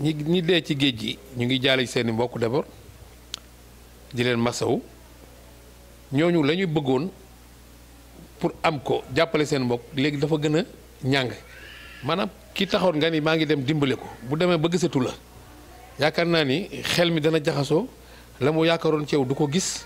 ñi ñi dee ci géej gi ñu ngi jaale seeni mbokk d'abord di leen masawu ñooñu la ñu bëggoon pour am ko jàppale seen mbokk léegi dafa gën a ñàng maanaam ki taxoon nga ni maa ngi dem dimbale ko bu demee ba gisatu la yaakaar naa ni xel mi dana jaxasoo la mu yaakaaroon ceew du ko gis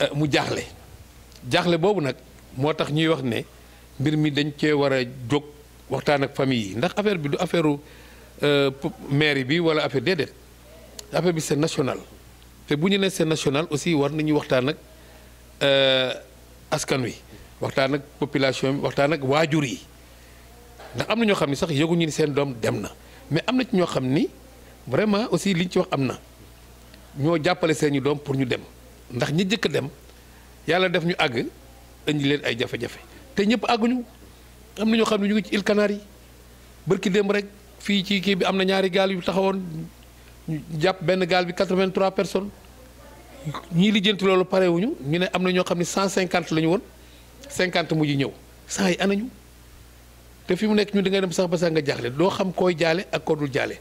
eh, mu jaaxle jaaxle boobu nag moo tax ñuy wax ne mbir mi dañ cee war a jóg waxtaan ak famille yi ndax affaire bi du affaire Euh, mairie bi wala affaire déedéet affaire bi c'est national te bu ñu nee seen national aussi war nañu waxtaan ak euh, askan wi waxtaan ak population bi waxtaan ak waajur yi ndax am na ñoo xam ni sax yëguñu ni seen doom dem na mais am na ci ñoo xam ni vraiment aussi liñ ci wax am na ñoo jàppale seen seeni doom pour ñu dem ndax ñi jëkk dem yàlla def ñu àgg indi leen ay jafe-jafe te ñëpp àgguñu am na ñoo xam ne ñu ngi ci îles Canaries yi bërki démb rek. fii ci kii bi am na ñaari gaal yu taxawoon jàpp benn gaal bi 83 personnes ñii lijjanti loolu parewuñu ñu ne am na ñoo xam ne 150 la ñu woon 50 mujj ñëw sax yi anañu te fi mu nekk ñu da ngay dem sax ba sax nga jaaxle doo xam koy jaale ak koo dul jaale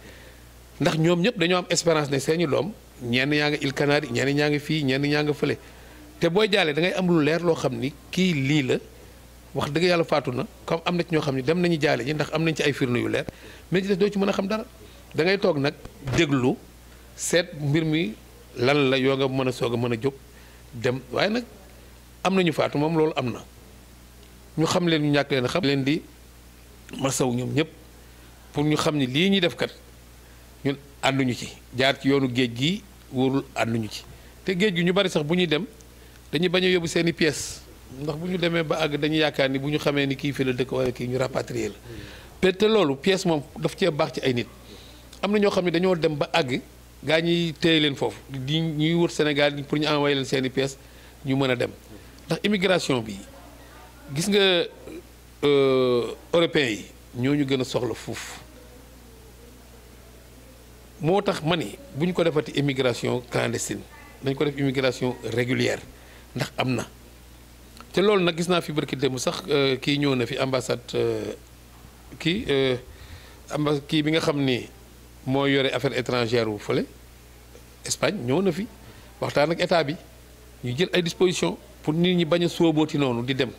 ndax ñoom ñëpp dañoo am espérance ne seeni doom ñenn ñaa ngi Îles Canaries ñenn ñaa ngi fii ñenn ñaa ngi fële te booy jaale da ngay am lu leer loo xam ni kii lii la. wax dëgg yàlla faatu na comme am na ci ñoo xam ne dem nañu jaale ji ndax am nañ ci ay firnde yu leer mais ci des doo ci mën a xam dara da ngay toog nag déglu seet mbir mi lan la yoo nga mën a soog a mën a jóg dem waaye nag am nañu faatu moom loolu am na ñu xam leen ñu ñàkk leen xam leen di masaw ñoom ñëpp pour ñu xam ni lii ñuy defkat ñun ànduñu ci jaar ci yoonu géej gi wóorul ànduñu ci te géej gi ñu bari sax bu ñuy dem dañuy bañ a yóbbu seen i ndax bu ñu demee ba àgg dañu yaakaar ni bu ñu xamee ni kii fi la dëkk wala kii ñu rapatrier la te loolu pièce moom daf cee baax ci ay nit am na ñoo xam ne dañoo dem ba àgg gaa ñuy téye leen foofu di ñuy wër Sénégal pour ñu envoyé leen seeni pièces ñu mën a dem ndax immigration bi gis nga euh, européens yi ñoo ñu gën a soxla fuuf moo tax ma ni bu ñu ko defati immigration clandestine dañ ko def immigration régulière ndax am na. te loolu nag gis naa fi barki démb sax euh, kii ñëw na fi ambassade euh, kii euh, amba kii bi nga xam ni moo yore affaire étrangère wu fële Espagne ñëw na fi waxtaan ak état bi ñu jël ay dispositions pour nit ñi bañ a sóobooti noonu di dem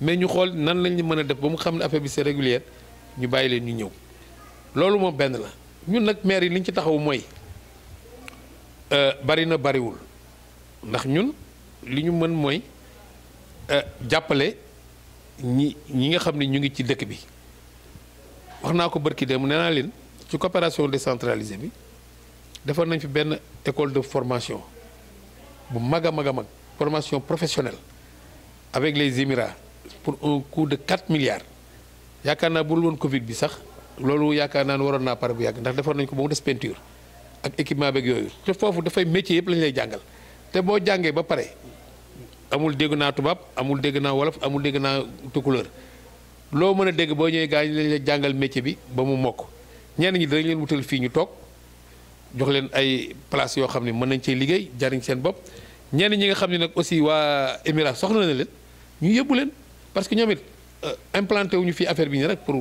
mais ñu xool nan lañ mën a def ba mu xam ne affaire bi c'est régulière ñu bàyyi leen ñu ñëw loolu moom benn la ñun nag maire yi li ñu ci taxaw mooy bari na bariwul ndax ñun li ñu mën mooy. jàppale ñi nga xamni ñu ngi ci dëkk bi waxna ko barki dem nee leen ci coopération décentralisée bi défon nañ fi benn école de formation bu maga maga mag formation professionnelle avec les Émirats pour un coût de 4 milliards yakarna naa won Covid bi sax lolu yakarna waron na waroon naa bu yàgg ndax défon nañ ko bu mu des peinture ak équipement beeg yooyu te da fay métier yépp lañ lay jàngal té bo jàngé ba paré amul dégg naa tubaab amul dégg naa wolof amul dégg naa tukulóor loo mën a dégg boo ñëwee gaa yi lañ la jàngal métier bi ba mu mokk ñenn ñi dinañ leen wutal fii ñu toog jox leen ay place yoo xam ne mën nañ cee liggéey jariñ seen bopp ñenn ñi nga xam ne nag aussi waa Émirats soxla na leen ñu yóbbu leen parce que ñoomit it euh, implanté wuñu fii affaire bi ñu rek pour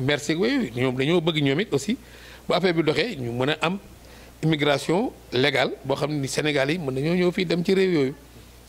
merci yooyu ñoom dañoo bëgg ñoom it aussi bu affaire bi doxee ñu mën a am immigration légal boo xam ne Sénégal yi mën nañoo ñëw fii dem ci réew yooyu.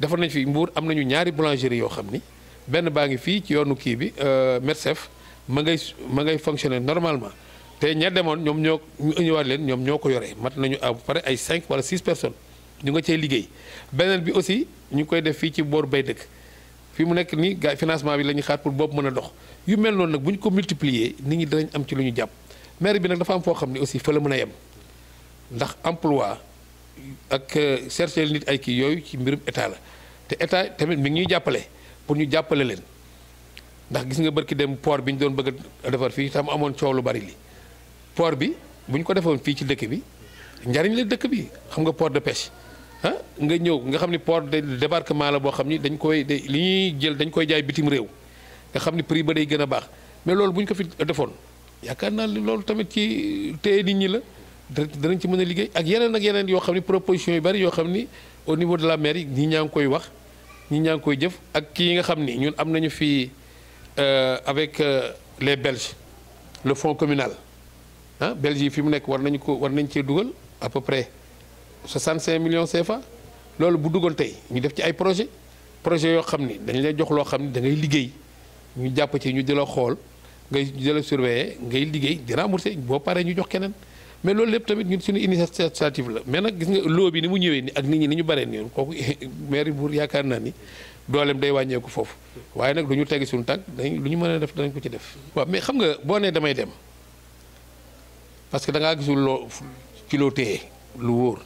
defar nañ fi mbuur am nañu ñaari boulangerie yoo xam ni benn baa ngi fii ci yoonu kii bi euh, Mersef ma ngay ma ngay fonctionner normalement te ña demoon ñoom ñoo ñu ëñëwaat leen ñoom ñoo ko yore mat nañu à pare ay cinq wala 6 personnes ñu nga cee liggéey beneen bi aussi ñu koy def fii ci boor bay dëkk fi mu nekk nii gars financement bi la ñuy xaar pour boobu mën a dox yu mel noonu nag buñ ko multiplier nit ñi danañ am ci lu ñu jàpp maire bi nag dafa am foo xam ne aussi fa mën a yem ndax emploi ak euh, chercher nit ay kii yooyu ci mbirum état la te état tamit mi ngi ñuy jàppale pour ñu jàppale leen ndax gis nga barki dem port bi doon bëgg tam amon coow lu bari li port bi bu ñu ko defoon fii ci dëkk bi njariñ la dëkk bi xam nga port de pêche ha ah, nga ñëw nga xam port de débarquement la boo hamni, ni dañ koy li ñuy jël dañ koy jaay bitim réew nga xam ni prix ba day gën a baax mais loolu bu ko fi defoon yaakaar naa tamit ci nit ñi la. ci au niveau de la avec les Belges le fonds communal ah Belges à peu près 65 millions CFA loolu bu dugal tey ñu def ci ay projet projet yoo xam dañ lay jox da ngay ñu ci ñu ngay surveiller ngay di rembourser ñu jox mais loolu lépp tamit ñun suñu initiative la mais nag gis nga loo bi ni mu ñëwee ni ak nit ñi ni ñu baree nii kooku maire Mbour yaakaar naa ni dooleem day wàññeeku foofu waaye nag lu ñu teggi suñu tànk dañ lu ñu mën a def dañ ko ci def waaw mais xam nga boo nee damay dem parce que da ngaa gisul loo ci loo téye lu wóor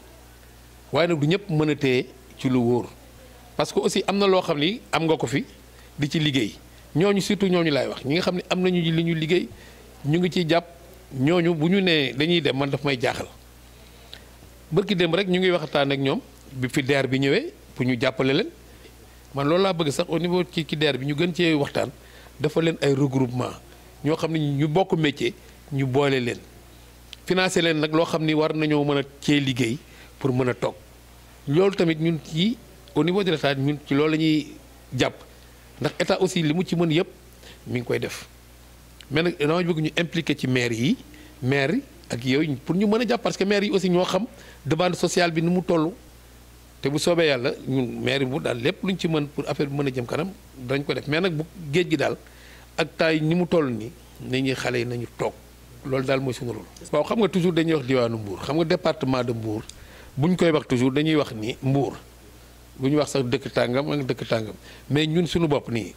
waaye nag du ñëpp mën a téye ci lu wóor parce que aussi am na loo xam ni am nga ko fi di ci liggéey ñooñu surtout ñooñu laay wax ñi nga xam ne am nañu li ñu liggéey ñu ngi ciy jàpp ñooñu bu ñu nee dañuy dem man dafa may jaaxal bërki dem rek ñu ngi waxtaan ak ñoom bi fi DER bi ñëwee pour ñu jàppale leen man loolu laa bëgg sax au niveau ci ci DER bi ñu gën cee waxtaan dafa leen ay regroupement ñoo xam ne ñu bokk métier ñu boole leen financé leen nag loo xam ni war nañoo mën a cee liggéey pour mën a toog loolu tamit ñun ci au niveau de l'état ñun ci loolu la ñuy jàpp ndax état aussi li mu ci mën yëpp mi ngi koy def mais nag dama bëgg ñu impliqué ci maire yi maire ak yooyu pour ñu mën a jàpp parce que maire yi aussi ñoo xam demande sociale bi ni mu toll te bu soobee yàlla ñun maire bu daal lépp lu ñu ci mën pour affaire bi mën a jëm kanam dañ ko def mais nag bu géej gi daal ak yi ni mu toll nii nañuy xale yi nañu toog loolu daal mooy suñu rôle. waaw xam nga toujours dañuy wax diwaanu Mbour xam nga département de Mbour bu ñu koy wax toujours dañuy wax ni Mbour bu ñu wax sax dëkk tàngam ak dëkk tàngam mais ñun suñu bopp nii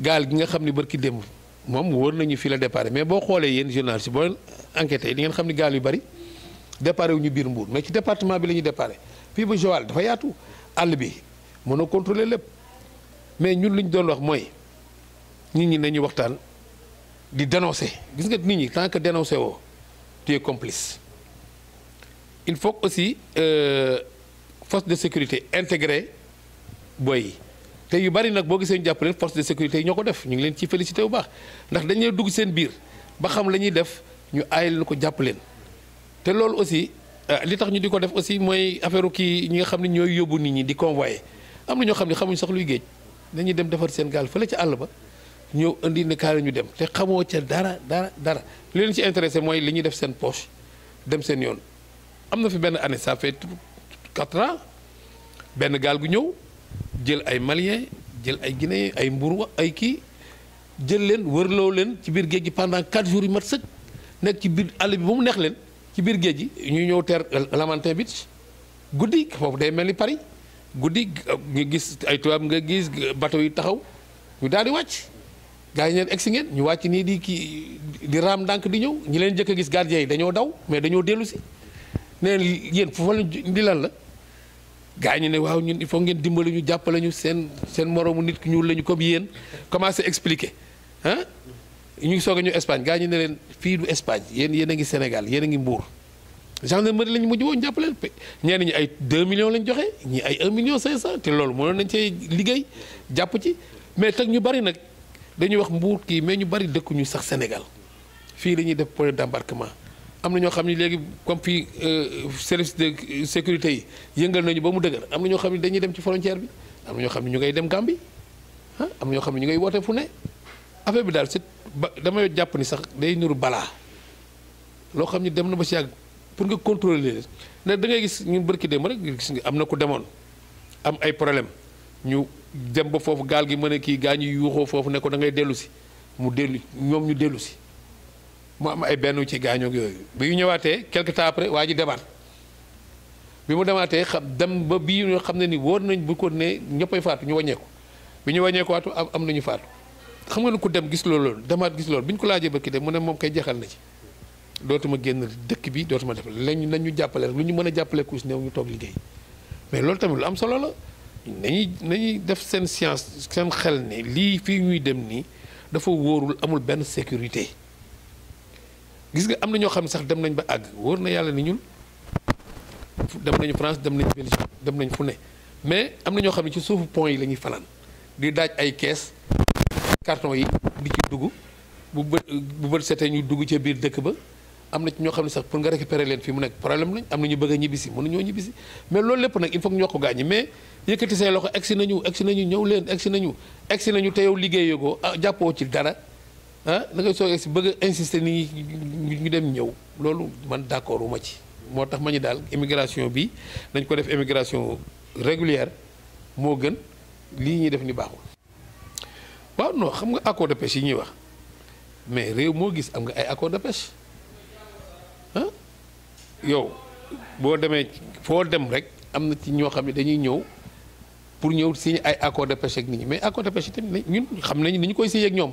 gaal gi nga xam ni barki démb mom wóor nañu fii la départ mais bo xolé yéen journaliste boo leen enquêté di ngeen xamni ni gaal yu bari départ wu ñu biir Mbour mais ci département bi lañu ñuy départ fii ba Joal dafa yaatu all bi mën a contrôler lepp mais ñun li doon wax moy nit ñi nañu waxtaan di dénoncer gis nga nit ñi tant que dénoncer wo tu es complice. il faut aussi euh, force de sécurité intégrée boy yi te yu bari nag boo gisee ñu jàpp leen force de sécurité yi ñoo ko def ñu ngi leen ciy félicité bu baax ndax dañu dugg seen biir ba xam la ñuy def ñu aay leen ko jàpp leen te loolu aussi euh, li tax ñu di ko def aussi mooy affaire kii ñi nga xam ne ñooy yóbbu nit ñi di convoyé am na ñoo xam ne xamuñ sax luy géej dañuy dem defar seen gaal fële ca àll ba ñëw indi ne kaay ñu dem te xamoo ca dara dara dara li leen ci intéressé mooy li ñuy def seen poche dem seen yoon am na fi benn année ça fait quatre ans benn gaal gu ñëw. jël ay maliens jël ay guinéens ay mbuur ay kii jël leen wërloo leen ci biir géej gi pendant quatre jours yu mat sëkk nekk ci biir àll bi ba mu neex leen ci biir géej gi ñu ñëw teer Lamantin Beach guddi foofu day mel ni Paris guddi nga gis ay tubaab nga gis bateau yi taxaw ñu daal di wàcc gars yi ñeen egsi ngeen ñu wàcc nii di kii di raam ndànk di ñëw ñi leen jëkk a gis gardien yi dañoo daw mais dañoo dellu si neen yéen foofa la di lan la gaa ñu ne waaw ñun il faut ngeen dimbali ñu jàppale ñu seen seen moroomu nit ku ñuul lañu comme yéen commencé expliquer ah ñu soog a ñu Espagne gaa ñu ne leen fii du Espagne yéen yéen a ngi Sénégal yéen a ngi Mbour gendarmerie lañu mujj woon jàppale leen ñenn ñi ay 2 millions lañ joxe ñi ay 1 million 500 te loolu mënoon nañ cee liggéey jàpp ci mais teg ñu bari nag dañuy wax Mbour kii mais ñu bari dëkkuñu sax Sénégal fii la ñuy def point d'embarquement am na ñoo xam ni léegi comme fii euh, service de sécurité yi yëngal nañu ba mu dëgër am na ñoo xam ne dañuy dem ci frontière bi am ñoo xam ne ñu ngay dem Gambie ah, am na ñoo xam ne ñu ngay woote fu ne affaire bi daal c'est ba damay jàpp ni sax day nuru balaa loo xam ne dem na ba si yàgg pour nga contrôler leen ndax da ngay gis ñun bërki dem rek gis nga am na ku demoon am ay problème ñu dem ba foofu gaal gi mën a kii gaa ñu yuuxoo foofu nekkoon dangay da dellu si mu dellu ñoom ñu dellu si mu am ay benn ci gaañoo yooyu bi ñu ñëwaatee quelque temps après waa ji demaat bi mu demaatee xam dem ba bii ñoo xam ne ni wóor nañ bu ko ne ñëppay faatu ñu wàññeeku bi ñu wàññeeku waatu am nañu faatu xam nga ne ku dem gis loolu demaat gis loolu bi ñu ko laajee ba ki dem ne moom kay jeexal na ci dootuma génn dëkk bi dootuma def lañ nañ ñu jàppale rek lu ñu mën a jàppale kuus néew ñu toog liggéey mais loolu tamit lu am solo la nañuy nañuy def seen science seen xel ne lii fii ñuy dem nii dafa wóorul amul benn sécurité gis nga am na ñoo xam ne sax dem nañ ba àgg wóor na yàlla ni ñun dem nañu France dem nañu Belgique dem nañ fu ne mais am na ñoo xam ne ci suufu pont yi la ñuy fanaan di daaj ay kees carton yi di ci dugg bu bët setee ñu dugg ca biir dëkk ba am na ci ñoo xam ne sax pour nga récupérer leen fi mu nekk problème lañ am na ñu bëgg a ñibbisi mënuñoo ñibbisi mais loolu lépp nag il faut que ñu wax ko gaañi mais yëkkati say loxo egsi nañu egsi nañu ñëw leen egsi nañu egsi nañu te yow liggéeyoo ko ah, jàppoo ci dara. ah da ngay soog si bëgg a nii nit ñu dem ñëw loolu man d'accord wu ma ci moo tax ma ñu daal immigration bi dañ ko def immigration régulière moo gën lii ñuy def ni baaxul waaw non xam nga accord de pêche yi ñuy wax mais réew moo gis am nga ay accord de pêche yow boo demee foo dem rek am na ci ñoo xam ne dañuy ñëw pour ñëw signer ay accord de pêche ak nit ñi mais accord de pêche yi tamit ñun xam ñu ni ñu koy si ak ñoom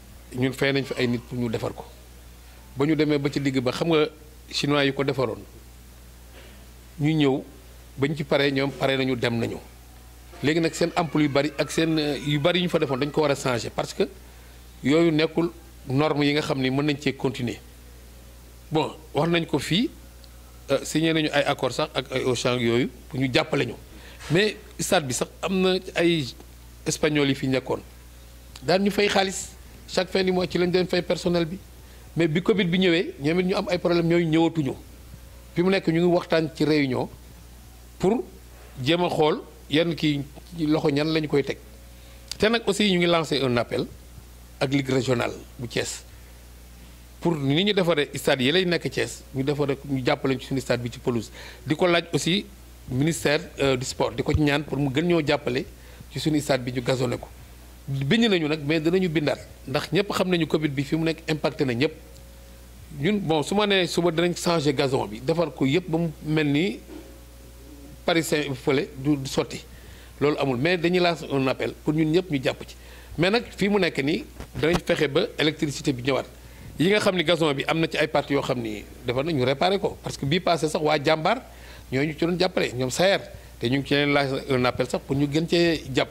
ñu fay nañ fi ay nit pour ñu defar ko ba ñu demee ba ci ligg ba xam nga chinois yi ko defaroon ñu ñëw bañ ci paree ñoom pare nañu dem nañu léegi nag seen ampoule yu bari ak seen yu bari yu ñu fa defoon dañ ko war a changer parce que yooyu nekkul norme yi nga xam ni mën nañ cee continuer bon wax nañ ko fii euh, signé nañu ay accord sax ak ay Auchan yooyu pour ñu jàppale ñu mais stade bi sax am na ay espagnol yi fi nekkoon daan ñu fay xaalis. chaque fin du mois ci lañ fay personnel bi mais bi Covid bi ñëwee ñoom it ñu am ay problème ñooy ñëwatuñu fi mu nekk ñu ngi waxtaan ci réunion pour jéem a xool yan kii loxo ñan lañu koy teg te nag aussi ñu ngi lancé un appel ak ligue régionale bu pour ni ñu defaree stade yi lay nekk Thiès ñu defaree ñu jàppale ci suñu stade bi ci pelouse di ko laaj aussi ministère euh, du sport di ci ñaan pour mu gën ñoo jàppale ci suñu stade bi ñu ko biñ nañu nag mais dinañu bindaat ndax ñëpp xam nañu Covid bi fi mu nekk impacté na ñëpp ñun bon su ma nee suba dinañ changé gazon bi defar ko yëpp ba mu mel ni Paris Saint fële du sotti loolu amul mais dañuy lancer un appel pour ñun ñëpp ñu jàpp ci mais nag fii mu nekk nii danañ fexe ba électricité bi ñëwaat yi nga xam ni gazon bi am na ci ay parties yoo xam ni defar na ñu réparé ko parce que bii passé sax waa jàmbaar ñooñu ci doon jàppale ñoom sayer te ñu ngi ci leen sax pour ñu gën cee jàpp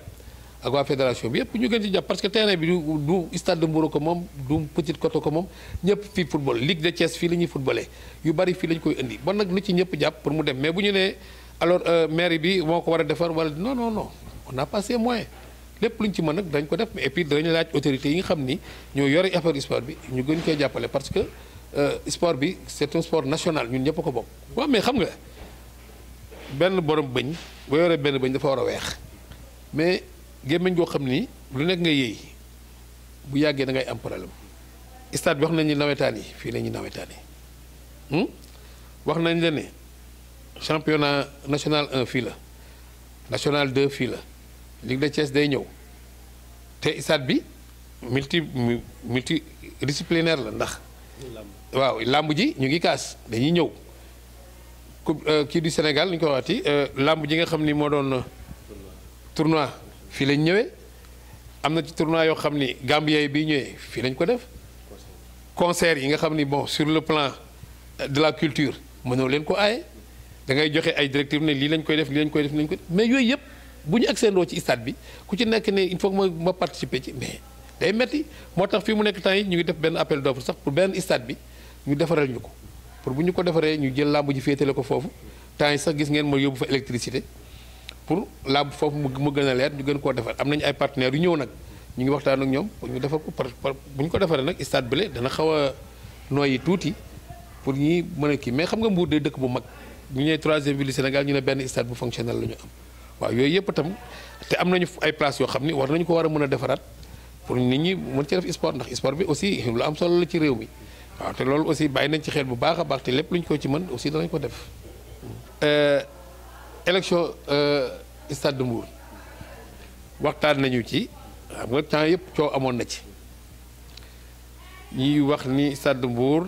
ak waa fédération bi yëpp ñu gën ci jàpp parce que terrain bi du stade de Mbour ko moom du Petite Côte ko moom ñëpp fii football Ligue de Thiès fii la ñuy yu bari fii la koy indi bon nag lu ci ñëpp jàpp pour mu dem mais bu ñu nee alors euh, mairie bi moo ko war a defar wala non no non on a passé moyen lépp luñ ci mën nag dañ ko def et puis dañu laaj autorités yi nga xam ni ñoo yore affaire sport bi ñu gën koy jàppale parce que euh, sport bi c'est un national ñun ñëpp ko bokk. waaw mais xam nga benn borom bëñ boo yoree benn bëñ dafa war a weex mais. gémmiñ goo xam ni lu nekk nga yëy bu yàggee da ngay am problème stade bi wax nañu nawetaan yi fii la ñuy nawetaan yi hmm? wax nañ la ne championnat national 1 fii la national 2 fii la Ligue de Thiès day ñëw te stade bi multi multi disciplinaire la ndax. waaw làmb ji ñu ngi kaas dañuy ñëw. coupe euh, kii du Sénégal ñu ko waxati euh, làmb ji nga xam ni moo doon euh, tournoi. fii lañ ñëwee am na ci tournoi yoo xam ni Gambien bi ñëwee fii lañ ko def concert yi nga xam ni bon sur le plan de la culture mënoo leen ko aaye da ngay joxe ay directives ne lii lañ koy def lii lañ koy def lii lañ mais yooyu yëpp bu ñu accédoo ci stade bi ku ci nekk ne il faut que ma participer ci mais day metti moo tax fii mu nekk temps yi ñu ngi def benn appel d'offre sax pour benn stade bi ñu defaral ñu ko pour bu ñu ko defaree ñu jël làmb ji féetale ko foofu temps yi gis ngeen ma yóbbu fa électricité. pour laab foofu mu gën a leer ñu gën koo defar am nañu ay partenaires yu ñëw nag ñu ngi waxtaan ak ñoom pour ñu defar ko par bu ñu ko defaree nag stade bële dana xaw a nooyi tuuti pour ñi mën a mais xam nga Mbour day dëkk bu mag ñu ñëwee troisième ville du Sénégal ñu ne benn stade bu fonctionnel la ñu am waaw yooyu yëpp itam te am nañu ay place yoo xam ni war nañu ko war a mën a defaraat pour nit ñi mën ci def sport ndax sport bi aussi lu am solo la ci réew mi waaw te loolu aussi bàyyi nañ ci xel bu baax a baax te lépp lu ñu ko ci mën aussi danañ ko def euh, élection euh, stade de Mbour waxtaan nañu ci xam nga temps yëpp coow amoon na ci ñuy wax ni stade de Mbour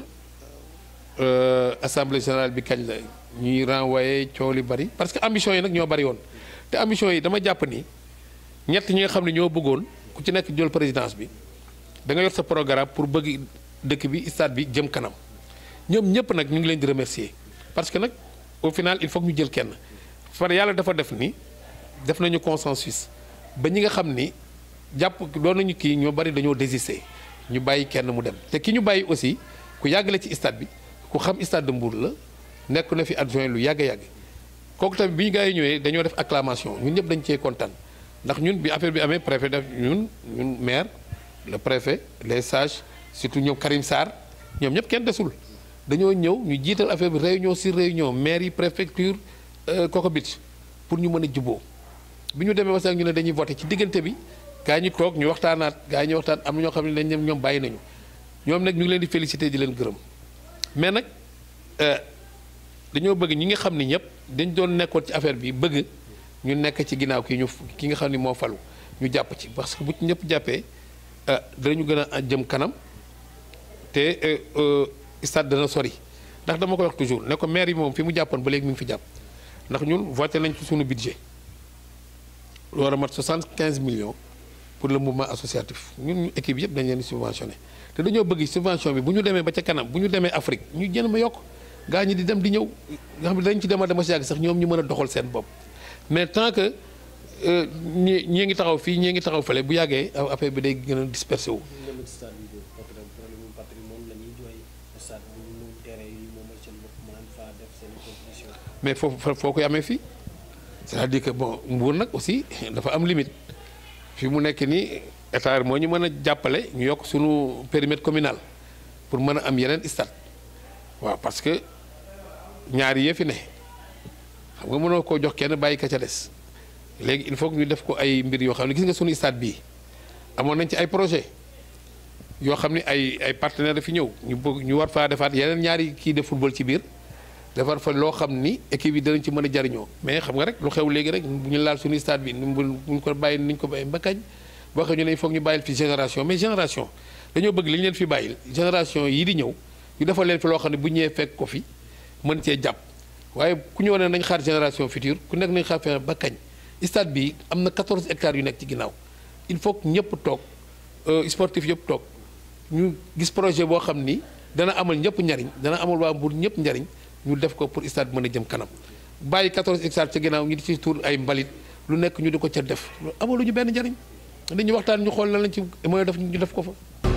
euh, assemblée générale bi kañ la ñuy renvoyé coow li bari parce que ambition yi nag ñoo bari woon te ambition yi dama jàpp ni ñett ñi nga xam ne ñoo bëggoon ku ci nekk jël présidence bi da nga yor sa programme pour bëgg dëkk bi stade bi jëm kanam ñoom ñëpp nag ñu ngi leen di remercier parce que nag au final il faut ñu jël kenn. fane yalla dafa def ni def nañu consensus ba ñi nga nous avons nañu ki ñoo bari dañoo désister ñu pas kenn mu dem te ki ñu bayyi aussi ku ci stade bi ku xam stade de Mbour la nekk na fi adjoint lu tam bi ñewé def acclamation ñun ñep dañ contane ndax ñun bi affaire bi préfet def ñun maire le préfet les sages surtout Karim Sar, ñom ñep kenn dessul dañoo ñu réunion sur réunion mairie préfecture koko euh, bit pour ñu mën a juboo bi ñu demee wasaak ñu ne dañuy voté ci diggante bi gaa ñi toog ñu waxtaanaat gaa ñi waxtaan am na ñoo xam ne dañ ñoom bàyyi nañu ñoom nag ñu ngi leen di félicité di leen gërëm mais nag euh, dañoo bëgg ñi nga xam ni ñëpp dañ doon nekkoon ci affaire bi bëgg ñu nekk ci ginnaaw ki ñu ki nga xam ni moo falu ñu jàpp ci parce que bu ci ñëpp jàppee euh, dinañu gën a jëm kanam te stade dana sori ndax dama ko wax toujours ne ko maire yi moom fi mu jàppoon ba léegi mi ngi fi jàpp ndax ñun voté nañ ci suñu budget lu war mat 75 millions pour le mouvement associatif ñun ñu équipe yëpp dañ leen subventionné te dañoo bëgg subvention bi bu ñu demee ba ca kanam bu ñu Afrique ñu jën ma yokk gaa di dem di ñëw nga xam dañ ci dema dama si yàgg sax ñom ñu mëna doxal seen bop mais tant que euh, ñi ngi taxaw fi ñi ngi taxaw fële bu yàggee affaire bi day gën a dispersé wu mais foofu foo koy amee fii c'est-à-dire que bon nguur nag aussi dafa am limite fi mu nekk nii état moo ñu mën a jàppale ñu yokk suñu périmètre communal pour mën a am yeneen stade waaw parce que ñaari yee fi ne xam nga mënoo ko jox kenn bàyyi ka ca des léegi il faut ñu def ko ay mbir yoo xam ne gis nga suñu stade bii amoon nañ ci ay projet yoo xam ni ay ay partenaires fi ñëw ñu bëgg ñu war faa defaat yeneen ñaari kii de football ci biir. defar fa loo xam ni équipe yi danañ ci mën a jariñoo mais xam nga rek lu xew léegi rek bu ñu laal suñu stade bi buñ ko bàyyi ni ñu ko bàyyi mbakkañ boo xam ñu ne ñu bàyyil fi génération mais génération dañoo bëgg li leen fi bàyyil génération yi di ñëw ñu defal leen loo xam ne bu ñëwee fekk ko fi mën cee jàpp waaye ku ñëw ne nañ xaar génération future ku nekk nañ xaar fexe ba kañ stade bi am na 14 hectares yu nekk ci ginnaaw il faut que ñëpp toog euh, sportif yëpp toog ñu gis projet boo xam ni dana amal ñëpp njariñ dana amal waa Mbour ñëpp njariñ ñu def ko pour stade mën a jëm kanam bàyyi 14 hectares ca ginnaaw ñu di ci tuur ay mbalit lu nekk ñu di ko ca def amaluñu benn njëriñ dañu waxtaan ñu xool lan lañ ci mën a def ñu def ko fa.